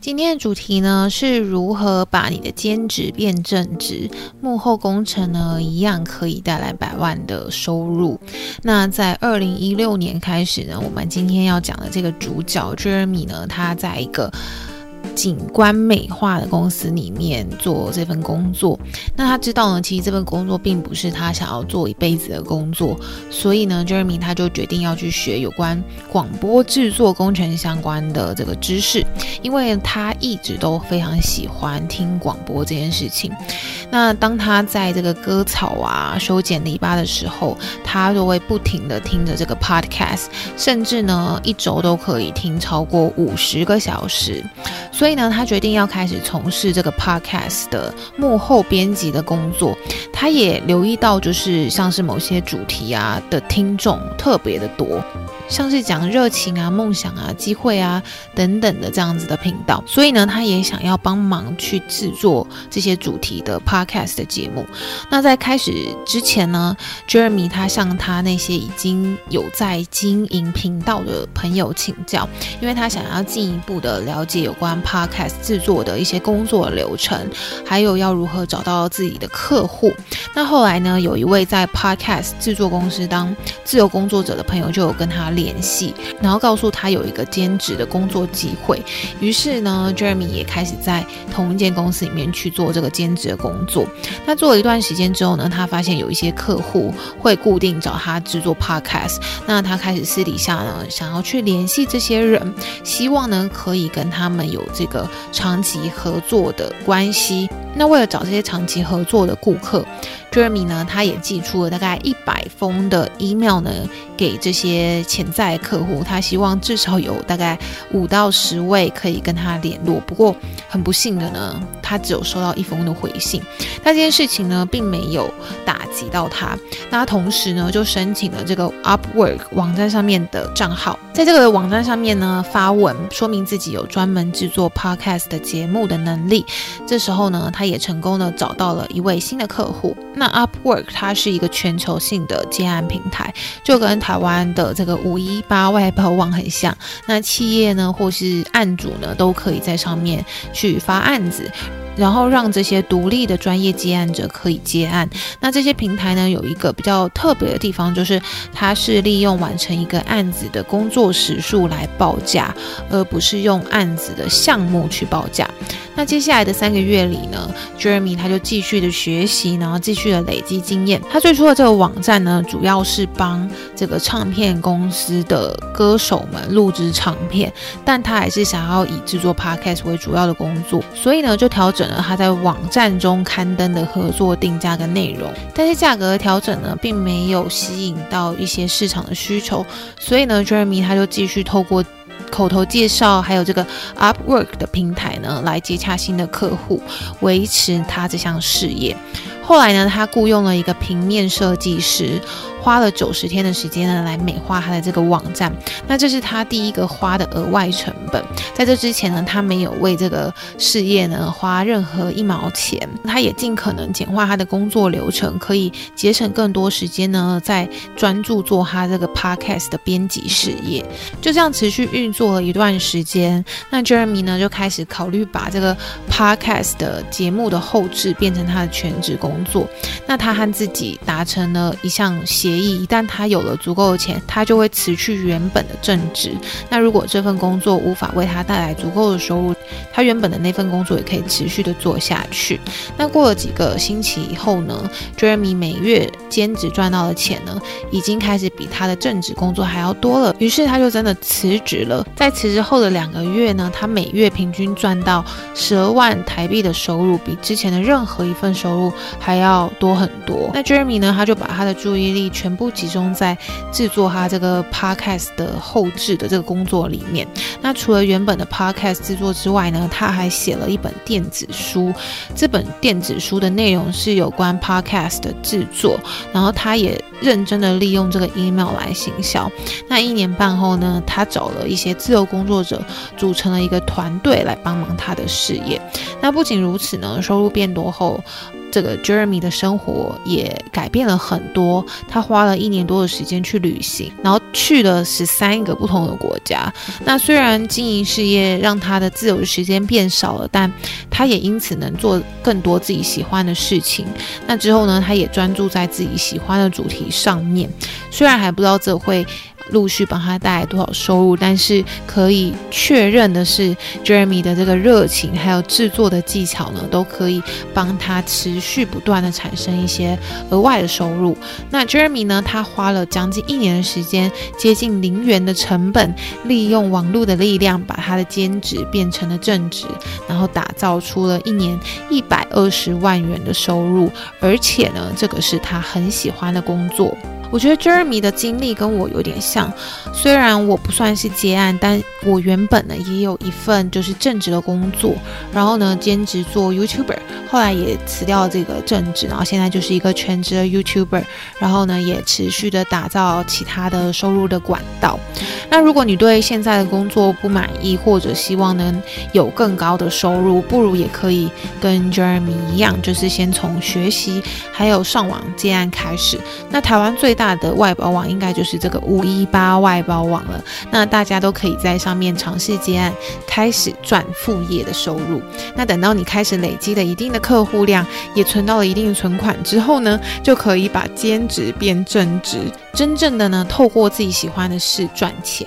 今天的主題呢，是如何把你的兼職變正職？幕後工程呢，一樣可以帶來百萬的收入。那在2016年開始呢，我們今天要講的這個主角 Jeremy 呢，他在一個，景觀美化的公司裡面做這份工作，那他知道呢，其實這份工作並不是他想要做一輩子的工作，所以呢，Jeremy 他就決定要去學有關廣播制作工程相關的這個知識，因為他一直都非常喜歡聽廣播這件事情。那當他在這個割草啊、修剪籬笆的時候，他就會不停的聽着這個 podcast，甚至呢，一周都可以聽超過五十個小時。所以呢，他決定要開始從事這個 podcast 的幕後編輯的工作。他也留意到，就是像是某些主題啊的聽眾特別的多。像是講熱情啊、夢想啊、機會啊等等的這樣子的頻道，所以呢，他也想要幫忙去製作這些主題的 podcast 的節目。那在開始之前呢，Jeremy 他向他那些已經有在經營頻道的朋友請教，因為他想要進一步的了解有關 podcast 製作的一些工作流程，還有要如何找到自己的客戶。那後來呢，有一位在 podcast 製作公司當自由工作者的朋友就有跟他。聯繫，然後告訴他，有一個兼職的工作機會。於是呢，Jeremy 也開始在同一間公司裡面去做這個兼職的工作。那做了一段時間之後呢，他發現有一些客戶會固定找他制作 Podcast。那他開始私底下呢，想要去聯繫這些人，希望呢可以跟他們有這個長期合作的關係。那為了找這些長期合作的顧客，Jeremy 呢，他也寄出了大概一百封的 email 呢，給這些潛在客戶，他希望至少有大概五到十位可以跟他聯絡。不過很不幸的呢。他只有收到一封的回信，但這件事情呢，並沒有打擊到他。那他同時呢，就申請了這個 Upwork 網站上面的賬號，在這個網站上面呢，發文說明自己有專門製作 podcast 的節目的能力。這時候呢，他也成功的找到了一位新的客戶。那 Upwork 它是一個全球性的接案平台，就跟台灣的這個五一八外包網很像。那企業呢，或是案主呢，都可以在上面去發案子，然後讓這些獨立的專業接案者可以接案。那這些平台呢，有一個比較特別的地方，就是它是利用完成一個案子的工作時數來報價，而不是用案子的項目去報價。那接下來的三個月裡呢，Jeremy 他就繼續的學習，然後繼續的累積經驗。他最初的這個網站呢，主要是幫這個唱片公司的歌手們錄製唱片，但他還是想要以製作 podcast 為主要的工作，所以呢，就調整了他在網站中刊登的合作定價跟內容。但是價格的調整呢，並沒有吸引到一些市場的需求，所以呢，Jeremy 他就繼續透過口頭介紹，還有這個 Upwork 的平台呢，來接洽新的客戶，維持他這項事業。後來呢，他僱傭了一個平面設計師，花了九十天的時間呢來美化他的這個網站。那這是他第一個花的額外成本。在這之前呢，他沒有為這個事業呢花任何一毛錢。他也盡可能簡化他的工作流程，可以節省更多時間呢，再專注做他這個 podcast 的編輯事業。就這樣持續運作了一段時間，那 Jeremy 呢就開始考慮把這個 podcast 的節目的後製變成他的全職工作。作，那他和自己達成了一項協議，一旦他有了足夠的錢，他就會辭去原本的正職。那如果這份工作無法為他帶來足夠的收入，他原本的那份工作也可以持續的做下去。那過了幾個星期以後呢，Jeremy 每月兼職賺到的錢呢，已經開始比他的正職工作還要多了。於是他就真的辭職了。在辭職後的兩個月呢，他每月平均賺到十二萬台幣的收入，比之前的任何一份收入還要多很多。那 Jeremy 呢，他就把他的注意力全部集中在製作他這個 Podcast 的後製的這個工作裡面。那除了原本的 Podcast 製作之外呢，他還寫了一本電子書。這本電子書的內容是有關 Podcast 的製作。然後他也認真的利用這個 Email 來行銷。那一年半後呢，他找了一些自由工作者，組成了一個團隊來幫忙他的事業。那不僅如此呢，收入變多後，這個。Jeremy 的生活也改變了很多。他花了一年多的時間去旅行，然後去了十三個不同的國家。那雖然經營事業讓他的自由的時間變少了，但他也因此能做更多自己喜歡的事情。那之後呢，他也專注在自己喜歡的主題上面。雖然還不知道這會。陸續幫他帶來多少收入？但是可以確認的是，Jeremy 的這個熱情還有製作的技巧呢，都可以幫他持續不斷的產生一些額外的收入。那 Jeremy 呢，他花了將近一年的時間，接近零元的成本，利用網絡的力量，把他的兼職變成了正職，然後打造出了一年一百二十萬元的收入，而且呢，這個是他很喜歡的工作。我覺得 Jeremy 的經歷跟我有點像，雖然我不算是接案，但我原本呢也有一份就是正職的工作，然後呢兼職做 YouTuber，後來也辭掉了這個正職，然後現在就是一個全職的 YouTuber，然後呢也持續的打造其他的收入的管道。那如果你對現在的工作不滿意，或者希望能有更高的收入，不如也可以跟 Jeremy 一樣，就是先從學習還有上網接案開始。那台灣最大的外包網應該就是這個五一八外包網了。那大家都可以在上面嘗試接案，開始賺副業的收入。那等到你開始累積了一定的客戶量，也存到了一定的存款之後呢，就可以把兼職變正職，真正的呢透過自己喜歡的事賺錢。